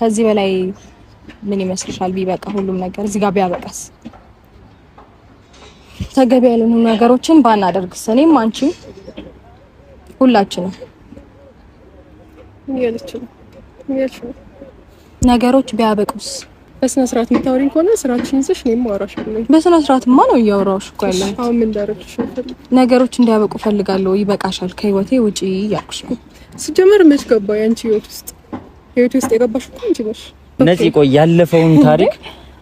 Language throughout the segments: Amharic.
ከዚህ በላይ ምን ይመስልሻል? ቢበቃ ሁሉም ነገር እዚህ ጋር ቢያበቃስ? ተገቢ ያልሆኑ ነገሮችን ባናደርግስ? እኔም አንቺም ሁላችንም ነገሮች ቢያበቁስ? በስነ ስርዓት የምታወሪኝ ከሆነ ስራችን ይዘሽ እኔም አወራሻለሁ። በስነ ስርዓት ማ ነው እያወራሁሽ እኮ ያለሁት። አሁን ምን ዳረግሽ? ነገሮች እንዲያበቁ ፈልጋለሁ። ይበቃሻል፣ ከህይወቴ ውጪ እያልኩሽ ነው። ስጀመር መች ገባ ያንቺ ህይወት ውስጥ ህይወት ውስጥ የገባሽ አንቺ ነሽ። ነፂ ቆይ ያለፈውን ታሪክ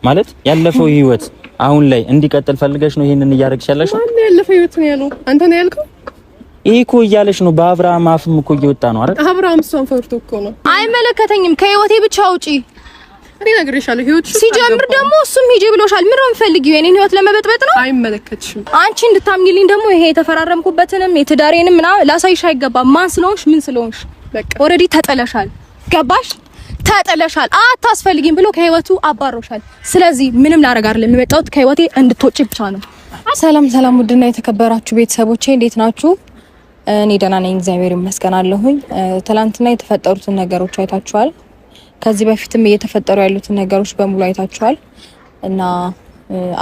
ማለት ያለፈው ህይወት አሁን ላይ እንዲቀጥል ፈልገሽ ነው ይሄንን እያደረግሽ ያለሽ? ማን ያለፈው ህይወት ነው ያለው? አንተ ነው ያልከው? ይሄ እኮ እያለሽ ነው። በአብርሃም አፍም እኮ እየወጣ ነው አይደል? አብርሃም እሷን ፈርቶ እኮ ነው። አይመለከተኝም፣ ከህይወቴ ብቻ አውጪ። እኔ እነግርሻለሁ፣ ህይወት ሲጀምር ደግሞ እሱም ሂጂ ብሎሻል። ምን ነው የምፈልጊው? የኔን ህይወት ለመበጥበጥ ነው? አይመለከትሽም። አንቺ እንድታምኚልኝ ደግሞ ይሄ የተፈራረምኩበትንም የትዳሬንም ምናምን ላሳይሽ አይገባም። ማን ስለሆንሽ ምን ስለሆንሽ ኦልሬዲ ተጠለሻል። ገባሽ? ተጥለሻል፣ አታስፈልጊም ብሎ ከህይወቱ አባሮሻል። ስለዚህ ምንም ላረግ አይደለም የመጣሁት ከህይወቴ እንድትወጪ ብቻ ነው። ሰላም ሰላም፣ ውድና የተከበራችሁ ቤተሰቦቼ እንዴት ናችሁ? እኔ ደህና ነኝ፣ እግዚአብሔር ይመስገን አለሁኝ። ትላንትና የተፈጠሩትን ነገሮች አይታችኋል። ከዚህ በፊትም እየተፈጠሩ ያሉትን ነገሮች በሙሉ አይታችኋል እና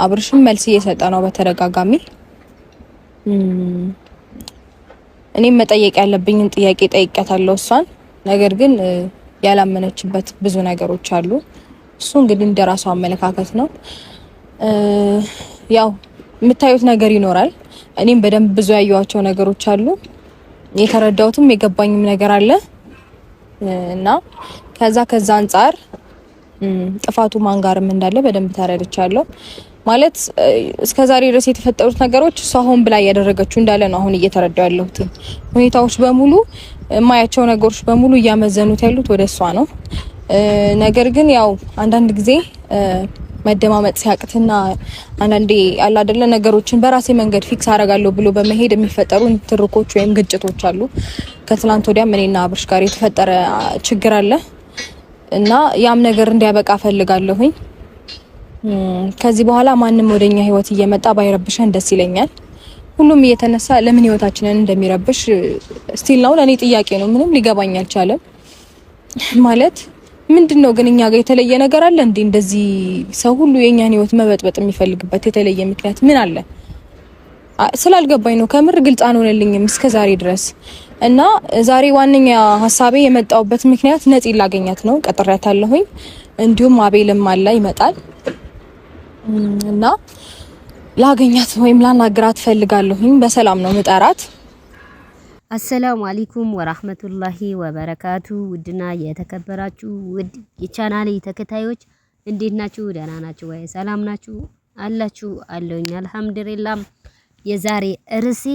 አብርሽም መልስ እየሰጠ ነው በተደጋጋሚ። እኔም መጠየቅ ያለብኝን ጥያቄ ጠይቄያታለሁ እሷን ነገር ግን ያላመነችበት ብዙ ነገሮች አሉ። እሱ እንግዲህ እንደራሷ አመለካከት ነው። ያው የምታዩት ነገር ይኖራል። እኔም በደንብ ብዙ ያየኋቸው ነገሮች አሉ። የተረዳሁትም የገባኝም ነገር አለ እና ከዛ ከዛ አንጻር ጥፋቱ ማን ጋርም እንዳለ በደንብ ተረድቻለሁ። ማለት እስከ ዛሬ ድረስ የተፈጠሩት ነገሮች እሷ ሆን ብላ እያደረገችው እንዳለ ነው አሁን እየተረዳው ያለሁት። ሁኔታዎች በሙሉ የማያቸው ነገሮች በሙሉ እያመዘኑት ያሉት ወደ እሷ ነው። ነገር ግን ያው አንዳንድ ጊዜ መደማመጥ ሲያቅትና አንዳንዴ ያለ አይደለ ነገሮችን በራሴ መንገድ ፊክስ አደርጋለሁ ብሎ በመሄድ የሚፈጠሩ ትርኮች ወይም ግጭቶች አሉ። ከትላንት ወዲያም እኔና አብርሽ ጋር የተፈጠረ ችግር አለ። እና ያም ነገር እንዲያበቃ ፈልጋለሁኝ። ከዚህ በኋላ ማንም ወደኛ ህይወት እየመጣ ባይረብሸን ደስ ይለኛል። ሁሉም እየተነሳ ለምን ህይወታችንን እንደሚረብሽ ስቲል ነው ለእኔ ጥያቄ ነው። ምንም ሊገባኝ አልቻለም። ማለት ምንድን ነው ግን እኛ ጋር የተለየ ነገር አለ እንዴ? እንደዚህ ሰው ሁሉ የእኛን ህይወት መበጥበጥ የሚፈልግበት የተለየ ምክንያት ምን አለ? ስላልገባኝ ነው። ከምር ግልጽ አንሆነልኝም እስከ ዛሬ ድረስ እና ዛሬ ዋነኛ ሀሳቤ የመጣውበት ምክንያት ነፂ ላገኛት ነው። ቀጥሬያታለሁኝ። እንዲሁም አቤልም አለ ይመጣል እና ላገኛት ወይም ላናግራት ፈልጋለሁኝ። በሰላም ነው ምጠራት። አሰላሙ አለይኩም ወራህመቱላሂ ወበረካቱ። ውድና የተከበራችሁ ውድ የቻናሌ ተከታዮች እንዴት ናችሁ? ደህና ናችሁ ወይ? ሰላም ናችሁ አላችሁ? አለሁኝ አልሐምዱሊላህ። የዛሬ ርዕሴ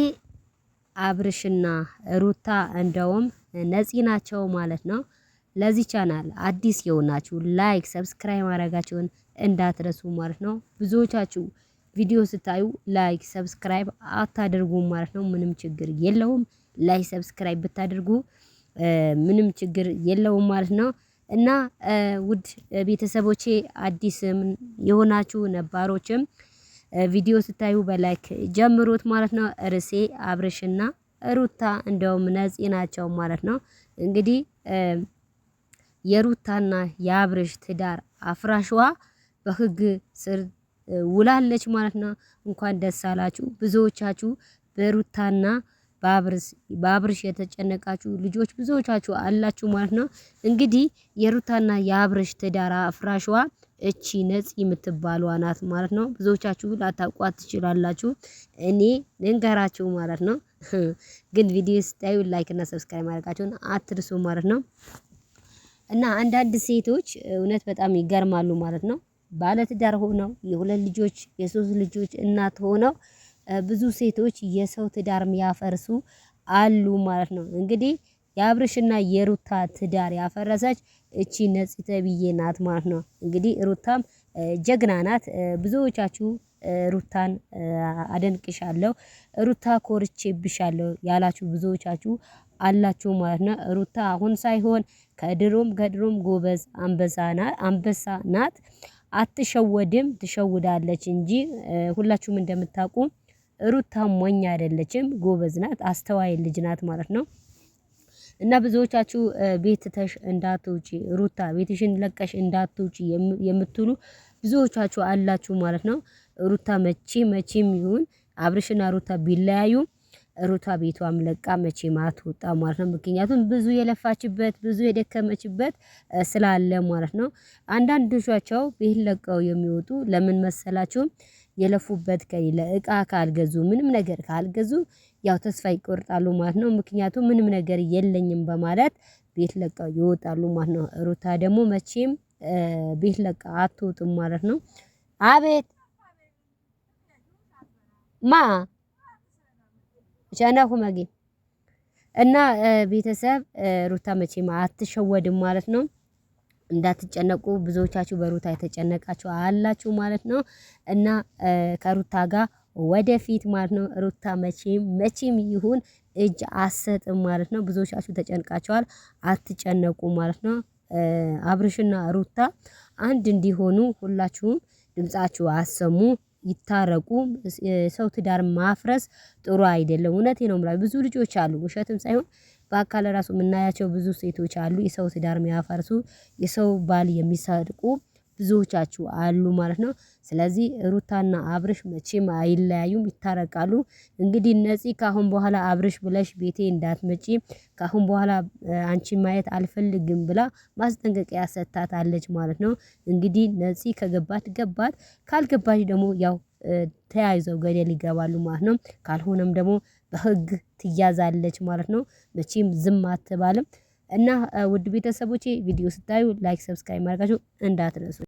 አብርሽና ሩታ እንደውም ነፂ ናቸው ማለት ነው። ለዚህ ቻናል አዲስ የሆናችሁ ላይክ፣ ሰብስክራይብ ማድረጋችሁን እንዳትረሱ ማለት ነው። ብዙዎቻችሁ ቪዲዮ ስታዩ ላይክ፣ ሰብስክራይብ አታደርጉም ማለት ነው። ምንም ችግር የለውም። ላይክ ሰብስክራይብ ብታደርጉ ምንም ችግር የለውም ማለት ነው። እና ውድ ቤተሰቦቼ አዲስም የሆናችሁ ነባሮችም ቪዲዮ ስታዩ በላይክ ጀምሩት ማለት ነው። እርሴ አብርሽና ሩታ እንደውም ነፂ ናቸው ማለት ነው። እንግዲህ የሩታና የአብርሽ ትዳር አፍራሽዋ በህግ ስር ውላለች ማለት ነው። እንኳን ደስ አላችሁ ብዙዎቻችሁ በሩታና በአብርስ በአብርሽ የተጨነቃችሁ ልጆች ብዙዎቻችሁ አላችሁ ማለት ነው። እንግዲህ የሩታና የአብርሽ ትዳር አፍራሽዋ እቺ ነጽ የምትባለዋ ናት ማለት ነው። ብዙዎቻችሁ ላታውቋት ትችላላችሁ። እኔ ልንገራችሁ ማለት ነው። ግን ቪዲዮ ስታዩ ላይክ እና ሰብስክራይብ ማድረጋችሁን አትርሱ ማለት ነው። እና አንዳንድ ሴቶች እውነት በጣም ይገርማሉ ማለት ነው። ባለትዳር ሆነው የሁለት ልጆች የሶስት ልጆች እናት ሆነው ብዙ ሴቶች የሰው ትዳር የሚያፈርሱ አሉ ማለት ነው። እንግዲህ የአብርሽና የሩታ ትዳር ያፈረሰች እቺ ነፂ ተብዬ ናት ማለት ነው። እንግዲህ ሩታም ጀግና ናት። ብዙዎቻችሁ ሩታን አደንቅሻለሁ፣ ሩታ ኮርቼብሻለሁ ያላችሁ ብዙዎቻችሁ አላችሁ ማለት ነው። ሩታ አሁን ሳይሆን ከድሮም ከድሮም ጎበዝ አንበሳ ናት። አትሸወድም፣ ትሸውዳለች እንጂ ሁላችሁም እንደምታውቁ ሩታ ሞኝ አይደለችም፣ ጎበዝ ናት፣ አስተዋይ ልጅ ናት ማለት ነው። እና ብዙዎቻችሁ ቤት ተሽ እንዳትውጪ ሩታ ቤትሽን ለቀሽ እንዳትውጪ የምትሉ ብዙዎቻችሁ አላችሁ ማለት ነው። ሩታ መቼ መቼም ይሁን አብርሽና ሩታ ቢለያዩ ሩታ ቤቷም ለቃ መቼም አትወጣ ማለት ነው። ምክንያቱም ብዙ የለፋችበት ብዙ የደከመችበት ስላለ ማለት ነው። አንዳንዶቻቸው ቤት ለቀው የሚወጡ ለምን መሰላቸውም የለፉበት ከሌለ እቃ ካልገዙ ምንም ነገር ካልገዙ ያው ተስፋ ይቆርጣሉ ማለት ነው። ምክንያቱም ምንም ነገር የለኝም በማለት ቤት ለቀው ይወጣሉ ማለት ነው። ሩታ ደግሞ መቼም ቤት ለቃ አትወጡም ማለት ነው። አቤት ማ ብቻ እና እና ቤተሰብ ሩታ መቼም አትሸወድም ማለት ነው። እንዳትጨነቁ ብዙዎቻችሁ በሩታ የተጨነቃችሁ አላችሁ ማለት ነው እና ከሩታ ጋር ወደፊት ማለት ነው ሩታ መቼም መቼም ይሁን እጅ አሰጥም ማለት ነው። ብዙዎቻችሁ ተጨንቃችኋል። አትጨነቁ ማለት ነው። አብርሽና ሩታ አንድ እንዲሆኑ ሁላችሁም ድምጻችሁ አሰሙ። ይታረቁ። ሰው ትዳር ማፍረስ ጥሩ አይደለም። እውነቴ ነው የምላችሁ። ብዙ ልጆች አሉ፣ ውሸትም ሳይሆን በአካል ራሱ የምናያቸው ብዙ ሴቶች አሉ፣ የሰው ትዳር የሚያፈርሱ የሰው ባል የሚሰርቁ ብዙዎቻችሁ አሉ ማለት ነው። ስለዚህ ሩታና አብርሽ መቼም አይለያዩም፣ ይታረቃሉ። እንግዲህ ነፂ ካሁን በኋላ አብርሽ ብለሽ ቤቴ እንዳትመጪ ካሁን በኋላ አንቺ ማየት አልፈልግም ብላ ማስጠንቀቂያ ሰጥታታለች ማለት ነው። እንግዲህ ነፂ ከገባት ገባት፣ ካልገባች ደግሞ ያው ተያይዘው ገደል ይገባሉ ማለት ነው። ካልሆነም ደግሞ በህግ ትያዛለች ማለት ነው። መቼም ዝም አትባልም እና ውድ ቤተሰቦቼ ቪዲዮ ስታዩ ላይክ፣ ሰብስክራይብ ማድረጋችሁ እንዳትረሱ።